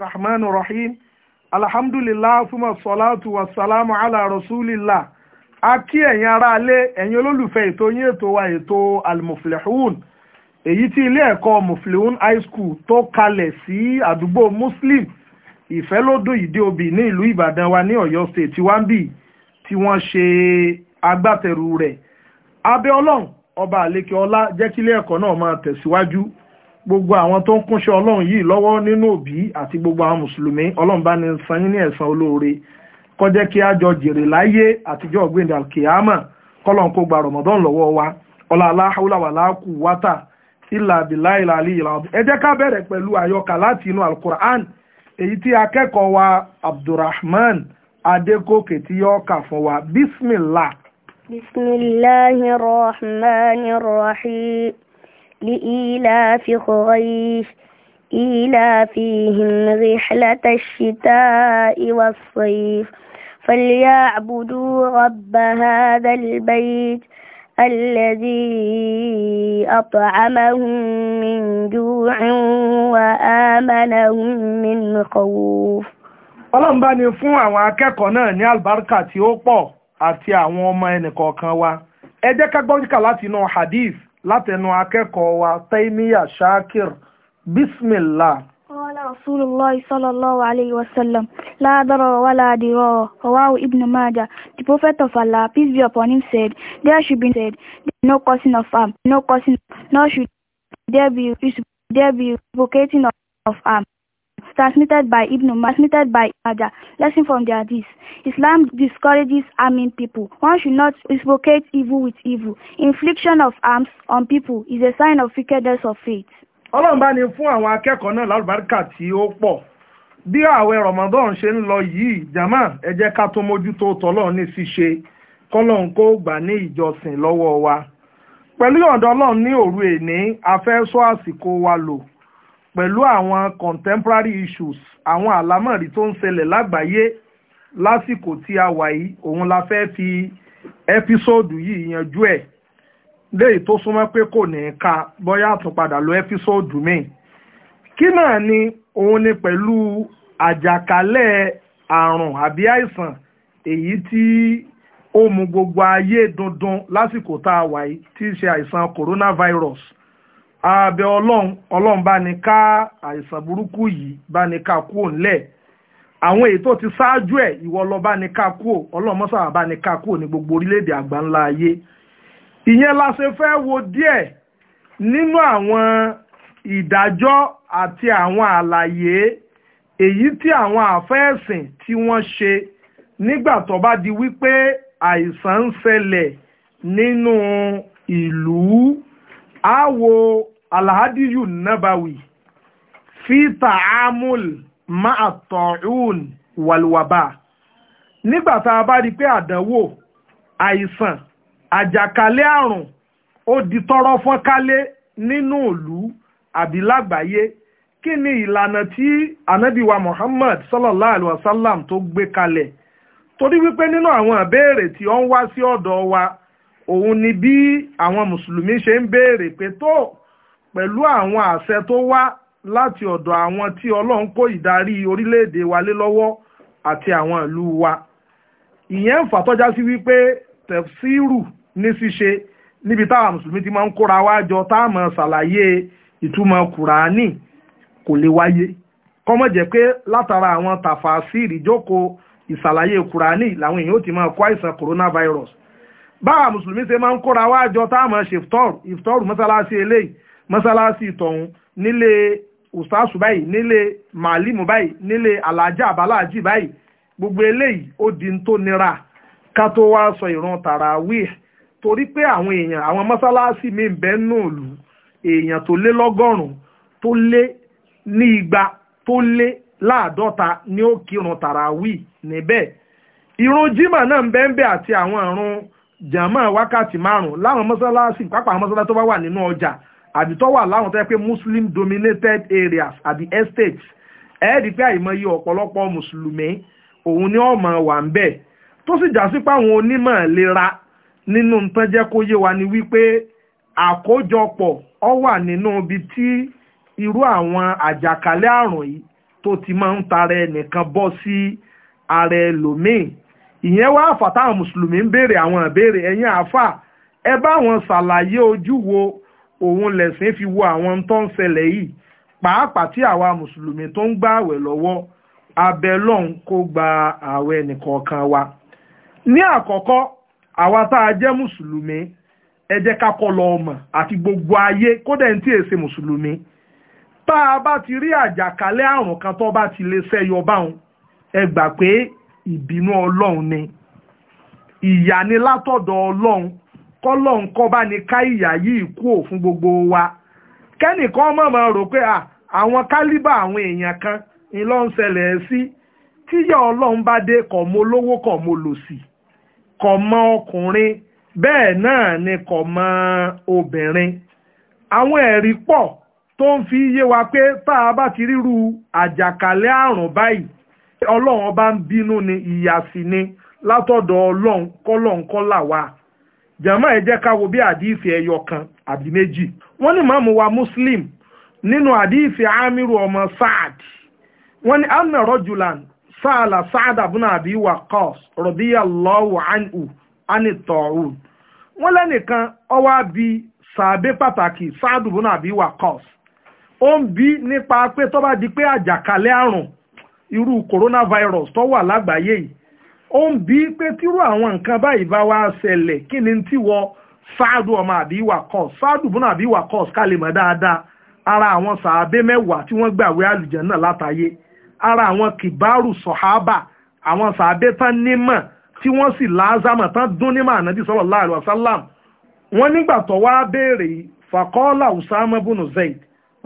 rahman rahim alhamdulillah fúnmọ̀ sọ́látù wasalamu ala rasulillah a kí ẹ̀yin aráalé ẹ̀yin olólùfẹ́ ètò yín ètò wa ètò almuflihun èyí tí ilé ẹ̀kọ́ muflihun high school tó kalẹ̀ sí àdúgbò muslim ìfẹ́lódò ìdí obì ní ìlú ìbàdàn wa ní ọ̀yọ́ state tí wọ́n ń bì tí wọ́n ṣe agbátẹrù rẹ̀ abẹ́ ọba àlekè ọlá jẹ́ kílé ẹ̀kọ́ náà máa tẹ̀síwájú gbogbo àwọn tó ń kúnṣẹ́ ọlọ́run yìí lọ́wọ́ nínú òbí àti gbogbo àwọn mùsùlùmí ọlọ́run bá ní san yín ní ẹ̀san olóore kó jẹ́ kí a jọ jèrè láyé àtijọ́ ọ̀gbìndà kìámà kọ́lọ́n kó gba rọ̀mọ́dán lọ́wọ́ wa ọlá aláhàúlà wà láàkú wátà ìlà àbílà ìlà àlì ẹ jẹ́ ká bẹ̀rẹ̀ pẹ̀lú àyọkà láti inú alukur'an èyí tí akẹ́kọ̀ọ́ wa abdulrahman adégòkè tí yọ kà fún wa bismillah. bismillahir لإيلاف قريش إيلافهم رحلة الشتاء والصيف فليعبدوا رب هذا البيت الذي أطعمهم من جوع وآمنهم من خوف ọlọ́run bá ní fún àwọn akẹ́kọ̀ọ́ náà ní àlùbáríkà tí ó pọ̀ àti àwọn ọmọ ẹnìkọ̀ọ̀kan wa ẹ jẹ́ ká gbọ́dọ̀ láti inú hadith látẹnu akẹ́kọ̀ọ́ wa taimiya shakir bismillah. قال رسول الله صلى الله عليه وسلم لا ضرر ولا ضرار رواه Ibn Majah The Prophet of Allah peace be upon him said there should be said no causing of harm no causing no should there be there be provocating of harm transmitted by Ibn transmitted by Majah. Lesson from the Hadith. Islam discourages harming people. One should not reciprocate evil with evil. Infliction of arms on people is a sign of wickedness of faith. Ọlọ́run bá ní fún àwọn akẹ́kọ̀ọ́ náà lálùbáríkà tí ó pọ̀. Bí ààwẹ̀ Ramadan ṣe ń lọ yìí, jàmá ẹ ká tó mójútó tọ́lọ́run ní ṣíṣe kọ́lọ́run kó gbà ní ìjọsìn lọ́wọ́ wa. Pẹ̀lú ọ̀dọ́ Ọlọ́run ní òru èní, a fẹ́ sọ àsìkò wa lò pẹ̀lú àwọn contemporary issues àwọn àlámọ̀rí tó ń ṣẹlẹ̀ lágbàáyé lásìkò tí a wà yìí òun la fẹ́ fi ẹ́písòdù yìí yanjú ẹ̀ léyìí tó súnmọ́ pé kò ní ka bóyá àtúnpadà lo ẹ́písòdù míì kí náà ni òun ni pẹ̀lú àjàkálẹ̀ àrùn àbí àìsàn èyí tí ó mú gbogbo ayé dundun lásìkò tá a wà yìí tí í ṣe àìsàn coronavirus abẹ ọlọ́run ọlọ́run bá ní ká àìsàn burúkú yìí bá ní ká kúò ńlẹ̀ àwọn èyí tó ti ṣáájú ẹ̀ ìwọ lọ bá ní ká kúò ọlọ́run mọ́sàlá bá ní ká kúò ní gbogbo orílẹ̀-èdè àgbáńlá ayé ìyẹn la ṣe fẹ́ wo díẹ̀ nínú àwọn ìdájọ́ àti àwọn àlàyé èyí tí àwọn àfẹ́ẹ̀sìn tí wọ́n ṣe nígbà tó bá di wípé àìsàn ń ṣẹlẹ̀ nínú ìlú a wo alhadiyu nabawi fi ta'amul ma'a ta'un walwaba nígbà tá a bá rí pé àdánwò àìsàn àjàkálẹ̀ àrùn ó di tọrọ fọ́nkálẹ̀ nínú ìlú àbí lágbàáyé kí ni ìlànà tí anabiwa muhammad sallallahu alaihi wasallam tó gbé kalẹ̀ torí wípé nínú àwọn ìbéèrè tí ó ń wá sí ọ̀dọ̀ wa òun ni bí àwọn mùsùlùmí ṣe ń béèrè pé tó pẹ̀lú àwọn àṣẹ tó wá láti ọ̀dọ̀ àwọn tí ọlọ́run kó ìdarí orílẹ̀-èdè wa lé lọ́wọ́ àti àwọn ìlú wa ìyẹn ń fà tọ́já sí wípé tẹ̀síìrù ní ṣíṣe níbi táwọn mùsùlùmí ti máa ń kóra wá jọ táàmù ṣàlàyé ìtumọ̀ kùránì kò lè wáyé kọ́mọ̀ jẹ́ pé látara àwọn tàfàṣìrì jókòó ìṣàlàyé kùránì làwọn èèyàn ó ti máa kó àìsàn coronavirus báwa mùsùlùmí ṣe máa ń kóra wá jọ táàmù ṣèftọ́rù ìftọ́rù mọ́sálásí eléyìí mọ́sálásí tọ̀hún nílé ustaasu báyìí nílé màálìmù báyìí nílé alájà àbáláàjì báyìí gbogbo eléyìí ó di ń tó nira ká tó wá sọ ìran tàràwíì torí pé àwọn èèyàn àwọn mọ́sálásí mi bẹ́ẹ̀ náà lù èèyàn tó lé lọ́gọ́rùn-ún tó lé ní igba tó lé láàdọ́ta ní ó kírun níbẹ̀ jimá náà ń bẹ́ẹ̀ àti àwọn àbí tó wà láwọn tó yẹ pé muslim dominated areas àbí estates ẹ̀ẹ́dì pé àìmọye ọ̀pọ̀lọpọ̀ mùsùlùmí òun ni ọ̀mọ̀ wà ń bẹ̀ tó sì já sí onímọ̀ lera nínú nǹkan jẹ́ kó yé wa ni wípé àkójọpọ̀ ọ wà nínú ibi tí irú àwọn àjàkálẹ̀ àrùn yìí tó ti máa ń tara ẹnìkan bọ́ sí ara ẹlòmíì ìyẹn wá àfà táwọn mùsùlùmí ń béèrè àwọn ìbéèrè ẹ̀yìn àfà ẹ bá wọn ṣàlàyé ojú wo òun lẹ̀sìn fi wo àwọn tó ń ṣẹlẹ̀ yìí pàápàá tí àwa mùsùlùmí tó ń gba àwẹ̀ lọ́wọ́ abẹ lọ́hùn kó gba àwẹ̀ nìkọ̀ọ̀kan wa. ní àkọ́kọ́ àwa tá a jẹ́ mùsùlùmí ẹ jẹ́ ká kọ́ lọ ọmọ àti gbogbo ayé kódà ní tí èè ṣe mùsùlùmí tá a bá ti rí àjàkálẹ̀ àrùn kan tó bá ti lè ṣẹ́yọ báwọn ẹ gbà pé ìbínú ọlọ́run ni ìyà ọlọ́run kọ́lọ̀ nǹkan bá ní ká ìyà yìí kú òfin gbogbo wa kẹ́nìkan mọ̀mọ́ rò pé àwọn kálíbà àwọn èèyàn kan ni ló ń ṣẹlẹ̀ sí tíyà ọlọ́run bá dé kọ̀ mọ olówó kọ̀ mọ lòsì kọ̀ mọ ọkùnrin bẹ́ẹ̀ náà ni kọ̀ mọ obìnrin àwọn ẹ̀rí pọ̀ tó ń fi yé wa pé tá a bá ti ríru àjàkálẹ̀ àrùn báyìí ọlọ́run bá ń bínú ni ìyà sì ni látọ̀dọ̀ ọlọ́run kọ́lọ́run kọ́là wa. jama ẹ jẹ́ ká wo bí àdìsí ẹyọ kan àbí meji. wọ́n ní wa muslim nínú àdìsí amiru ọmọ saad wọ́n ní anna rojulan saala saad abuna abi waqas radiyallahu anhu ani tọ̀hún wọ́n lẹ́nìkan ọwọ́ bi saabe pataki saad abuna abi waqas o ń bi nipa pe tó bá di pe ajakale arun iru coronavirus tó lagba lágbàáyé ó ń bí pé tírú àwọn nǹkan báyìí bá wá ṣẹlẹ̀ kí ni tí wọ sáàdù ọmọ àbí wakọ́s sáàdù bùnà àbí wakọ́s ká lè mọ̀ dáadáa ara àwọn sàábé mẹ́wàá tí wọ́n gbàwé àlùjànnà látàyé ara àwọn kìbárù sọ̀hábà àwọn sàábé tán nímọ̀ tí wọ́n sì láázámọ̀ tán dún nímọ̀ ànábì sallallahu alaihi wasallam wọ́n nígbà tó wá béèrè fàkọ́ọ́lá usama bunu zayd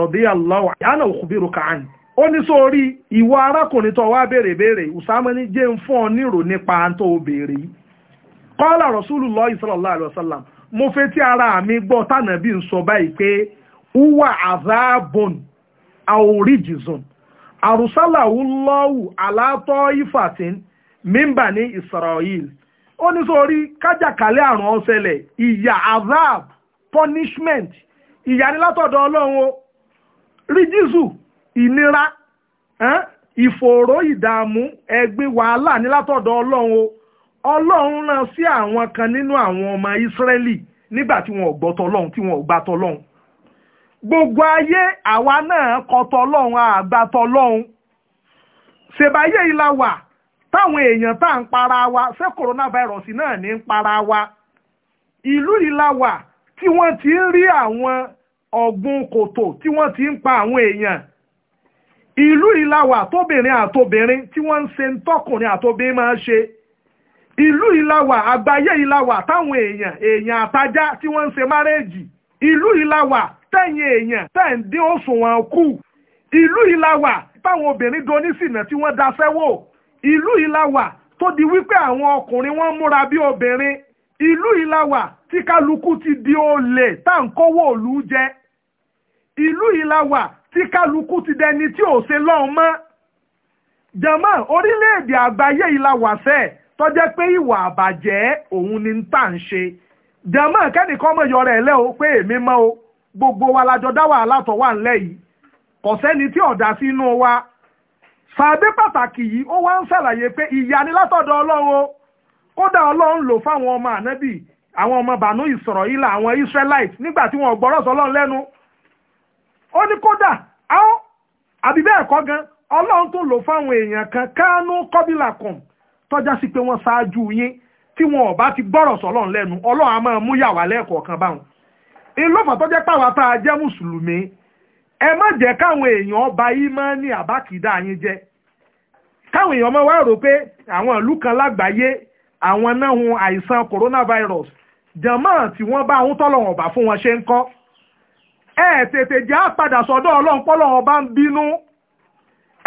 radiyallahu anhu àyànà òkú bírù kàánì ó ní sórí ìwọ arákùnrin tó wá béèrè béèrè usama ní jẹ́ ń fún ọ nírò nípa tó o yìí mo fẹ́ tí ara mi gbọ́ tànàbí ń sọ báyìí pé uwa azabon aorijizon àrùsálàwúlọ́wù alátọ́ ifatin mímbà ní israel ó ní sórí kájàkálẹ̀ àrùn ọ̀sẹ̀lẹ̀ ìyà azab punishment ìyà ni látọ̀dọ̀ ìnira ìfòòró ìdààmú ẹgbẹ́ wàhálà ní látọ̀dọ̀ ọlọ́run o ọlọ́run rán sí àwọn kan nínú àwọn ọmọ ìsírẹ́lì nígbà tí wọn ò gbọ́ tọlọ́run tí wọn ò gbà tọlọ́run gbogbo ayé àwa náà kọ tọlọ́run àgbà tọlọ́run ṣèbáyé ìlà wà táwọn èèyàn tá à ń para wa ṣé coronavirus náà ní ń para wa ìlú ìlà wà tí wọ́n ti ń rí àwọn ọ̀gbun kòtò tí wọ́n ti ń pa àwọn èèyàn ìlú ìlàwà tóbìnrin àtobìnrin tí wọ́n ń ṣe tọkùnrin àtobìnrin máa ṣe ìlú ìlàwà àgbáyé ìlàwà táwọn èèyàn èèyàn àtajá tí wọ́n ń ṣe márẹ́jì ìlú ìlàwà tẹ̀yìn èèyàn tẹ̀ ń dín òṣùwọ̀n kù ìlú ìlàwà táwọn obìnrin donísìnà tí wọ́n daṣẹ́ wò ìlú ìlàwà tó di wípé àwọn ọkùnrin wọ́n múra bí obìnrin ìlú ìlàwà tí kálukú ti di olè tá à ń kówó òlú jẹ ìlú ìlàwà tí kálukú ti dẹni tí ò ṣe lọ́hùn mọ́ jẹ̀mọ́ orílẹ̀-èdè àgbáyé ìlà wàṣẹ́ tọ́jẹ́ pé ìwà àbàjẹ́ òun ni tá à ń ṣe jẹ̀mọ́ kẹ́nìkan mọ̀ yọrọ ẹ̀ lẹ́ o pé èmi mọ́ o gbogbo wa lájọ dá wàhálà tó wà ńlẹ̀ yìí kò sẹ́ni tí ọ̀dà sínú wa sàbẹ́ pàtàkì yìí ó wá ń ṣàlàyé pé ìyà ni látọ̀dọ̀ ọlọ́run o kódà ọlọ́run lò fáwọn ọmọ ànábì àwọn ọmọ bànú ìsọ̀rọ̀ ìlà àwọn israelite nígbà tí wọ́n gbọ́rọ̀ sọlọ́run lẹ́nu ó ní kódà áó àbí bẹ́ẹ̀ kọ́ gan ọlọ́run tó lò fáwọn èèyàn kan kánú kọ́bílà kan tọ́já sí pé wọ́n ṣáájú yín tí wọn ò bá ti gbọ́rọ̀ sọ́lọ́run lẹ́nu ọlọ́run á máa mú yàwá lẹ́ẹ̀kọ̀ọ̀kan báwọn ìlọ́fà tọ́jẹ́ pàwọ́ tá a jẹ́ mùsùlùmí ẹ má jẹ́ káwọn èèyàn ọba yìí máa ní àbákìdá yín jẹ́ káwọn èèyàn máa wá rò pé àwọn ìlú kan lágbàáyé àwọn náà hun àìsàn coronavirus jàmáà tí wọ́n bá ń tọ́lọ̀ wọn fún wọn ṣe ń kọ́ ẹ tètè jẹ́ àpadà sọ́dọ̀ ọlọ́run ọba ń bínú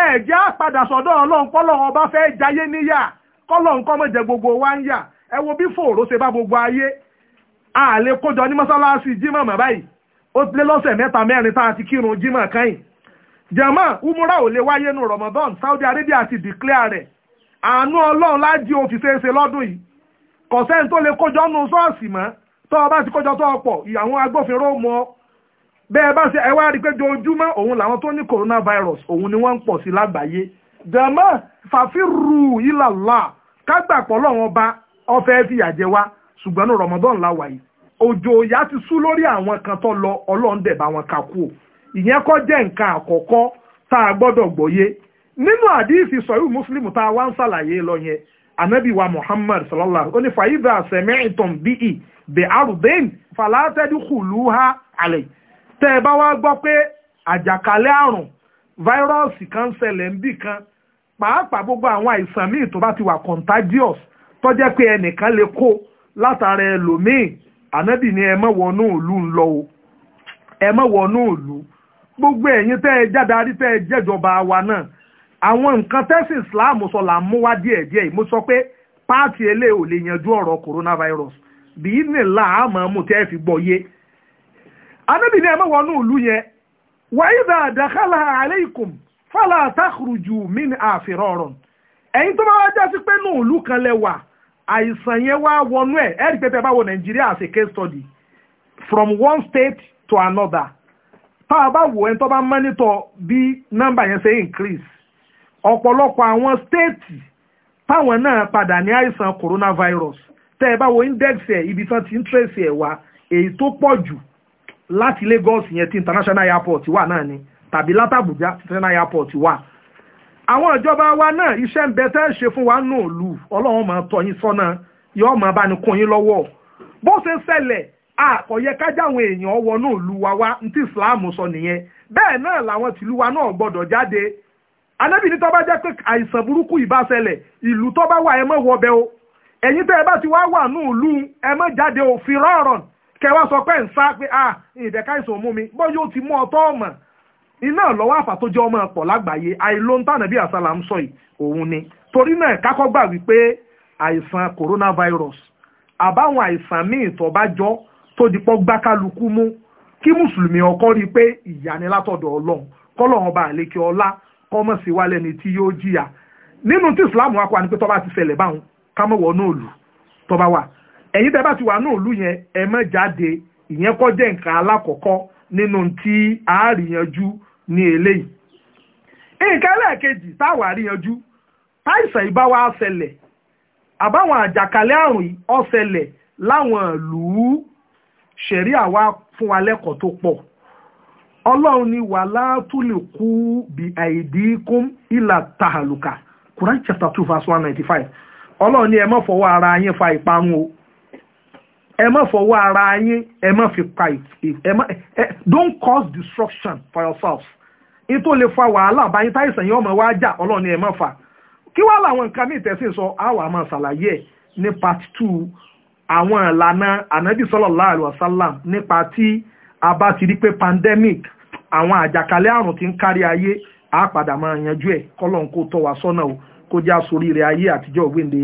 ẹ jẹ́ àpadà sọ́dọ̀ ọlọ́run ọba fẹ́ jayé níyà kọ́lọ́run kọ́ mọ̀jẹ̀ gbogbo wa ń yà ẹ wo bí fòòró ṣe bá gbogbo ayé àlè kójọ ní mọ́sálásí jimọ̀ mọ̀ báyìí ó lé lọ́sẹ̀ mẹ́ta mẹ́rin tá a ti kírun jímọ̀ kẹ́yìn umura ò lè wáyé nu Ramadan Saudi Arabia ti declare rẹ àánú ọlọ́run o fi lọ́dún yìí kọ̀sẹ́ni tó lè nù bẹ́ẹ̀ bá ṣe ẹ wá rí i pé dojúmọ́ òun làwọn tó ní coronavirus òun ni wọ́n ń pọ̀ sí lágbàáyé jẹ̀mọ́ fàfírù ìlàlá kágbàpọ̀ lọ́wọ́n ọba ọfẹ́ fìyà jẹ wá ṣùgbọ́n ní Ramadan la wà yìí òjò ìyà ti sú lórí àwọn kan tó lọ Ọlọ́run dẹ̀ bá wọn kà kú ìyẹn kọ́ jẹ́ nǹkan àkọ́kọ́ tá a gbọ́dọ̀ gbọ́yé nínú àdíìsì sọ̀rọ̀ muslim tá a wá ń ṣàlàyé lọ yẹn anabi wa muhammad sallallahu ó ní fàyíbà sẹ̀mẹ́ìtàn bíi bẹ̀ àrùbẹ́ẹ̀n fàlàtẹ́dúkùlù ha àlẹ́ tẹ́ ẹ bá wá gbọ́ pé àjàkálẹ̀ àrùn fáírọ́ọ̀sì kan ṣẹlẹ̀ ń bì kan pàápàá gbogbo àwọn àìsàn míì tó bá ti wà contagious tó jẹ́ pé ẹnìkan lè kó látara ẹlòmíì ànábì ni ẹ má wọnú ìlú ń lọ o ẹ má wọnú ìlú gbogbo ẹ̀yin tẹ́ ẹ jádarí tẹ́ ẹ jẹ́jọba wa náà àwọn nǹkan tẹ́sí Islam sọ là ń mú wá díẹ̀ díẹ̀ mo sọ pé páàtì eléyìí lè yanjú ọ̀rọ̀ coronavirus bí ní làámọ̀ mú tẹ́ ẹ fi gbọ́ yé anábì ní ẹmọ́ wọnú ìlú yẹn wa idha dakhala alaykum fala takhruju min àfirọ́rọ̀ ẹ̀yin tó bá wá jásí pé ní ìlú kan lẹ wà àìsàn yẹn wá wọnú ẹ̀ ẹ̀rí pé tẹ́ bá wọ nàìjíríà as a case study from one state to another tá a bá wò ẹni tó bá mọ́nítọ̀ bí nọ́mbà yẹn ṣe increase ọ̀pọ̀lọpọ̀ àwọn stéètì táwọn náà padà ní àìsàn coronavirus tẹ́ ẹ bá wo index ẹ̀ ibi tán ti ń trace wá èyí tó pọ̀ jù láti Lagos yẹn tí international airport wà náà ni tàbí látàbújá international airport wà àwọn ìjọba wa náà iṣẹ́ ń bẹ tẹ́ ṣe fún wa náà lù ọlọ́run máa tọ́ yín sọ́nà yóò máa bá ní kún yín lọ́wọ́ bó ṣe ṣẹlẹ̀ àkọ̀yẹ àwọn èèyàn wọ náà lù wá wá ní tí Islam sọ nìyẹn bẹ́ẹ̀ náà làwọn tìlú wa náà gbọ́dọ̀ jáde anábì ní tó jẹ́ pé àìsàn burúkú ìbá ṣẹlẹ̀ ìlú tó bá wà ẹ mọ́ wọbẹ̀ o ẹ̀yin tẹ́ ẹ bá ti wá wà náà lù ẹ mọ́ jáde òfin rọ̀rùn kẹwàá sọ pé ń sá pé à ah, ìdẹ̀ka ìsòmù mi bọ́ yóò ti mú ọtọ́ ọmọ iná lọ́wọ́ àfà tó jẹ́ ọmọ ọ̀pọ̀ lágbàáyé àìlóńtànà bí àsálà ń sọ yìí òun ni torí náà kákọ́ gbà wípé àìsàn coronavirus àbáwọn àìsàn míì tó bá jọ tó di pọ́ gbá kálukú mú kí mùsùlùmí ọkọ rí i pé ìyanilátọ̀dọ̀ ọlọ́run kọ́lọ́run bá àlékè ọlá kọ́mọ̀ sí wa lẹ́ni tí yóò jìyà nínú tí ìsìláàmù wa kọ́ wa ni pé tó bá ti ṣẹlẹ̀ báwọn kámọ̀wọ́ náà lù tó bá wà ẹ̀yin tẹ́ bá ti wà ní òlu yẹn ẹ má jáde ìyẹn kọ́ jẹ́ nǹkan alákọ̀ọ́kọ́ nínú tí a rí yanjú ní eléyìí. nǹkan ẹlẹ́ẹ̀kejì táwa rí yanjú táìsàn ibà wa ṣẹlẹ̀ àbáwọn àjàkálẹ̀ àrùn ó ṣẹlẹ̀ láwọn ìlú ṣẹ̀rí àwa fún wa lẹ́kọ̀ọ́ tó pọ̀ ọlọ́run ni wà látúlè kú bí àìdí kún ìlà tàhálùkà Quran chapter two verse one ninety five ọlọ́run ni ẹ má fọwọ́ ara yín fa ìparun o ẹ fọwọ́ ara yín ẹ fi pa ẹ má don't cause destruction for yourself ètò lè fa wàhálà báyìí táìsàn yìí ọmọ wa jà ọlọ́ọ̀ni ẹ fa kí wàá làwọn nǹkan ní ìtẹ̀sìn sọ àwọn àmọ́ ṣàlàyé ẹ̀ ní part two àwọn ìlànà ànábì sallallahu alaihi wasallam nípa tí a bá ti rí pé pandemic àwọn àjàkálẹ̀ àrùn ti ń kárí ayé a padà máa yanjú ẹ̀ kọ́lọ́n kó tọ́ wa sọ́nà o kó já sórí rẹ̀ ayé àtijọ́ ògbéǹde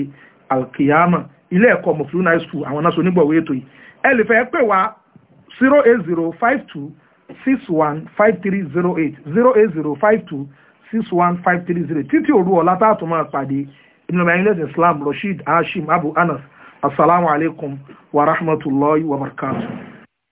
alkiyama ilé ẹ̀kọ́ mufiluna high school àwọn náà so onígbọ̀wé ètò yìí ẹ lè fẹ́ pè wá zero eight zero five títí òru ọ̀la tá a tún máa pàdé inú ọmọ ayélujára Islam Rasheed Hashim Abu Anas Assalamu alaikum wa rahmatulahi wa barakatuh.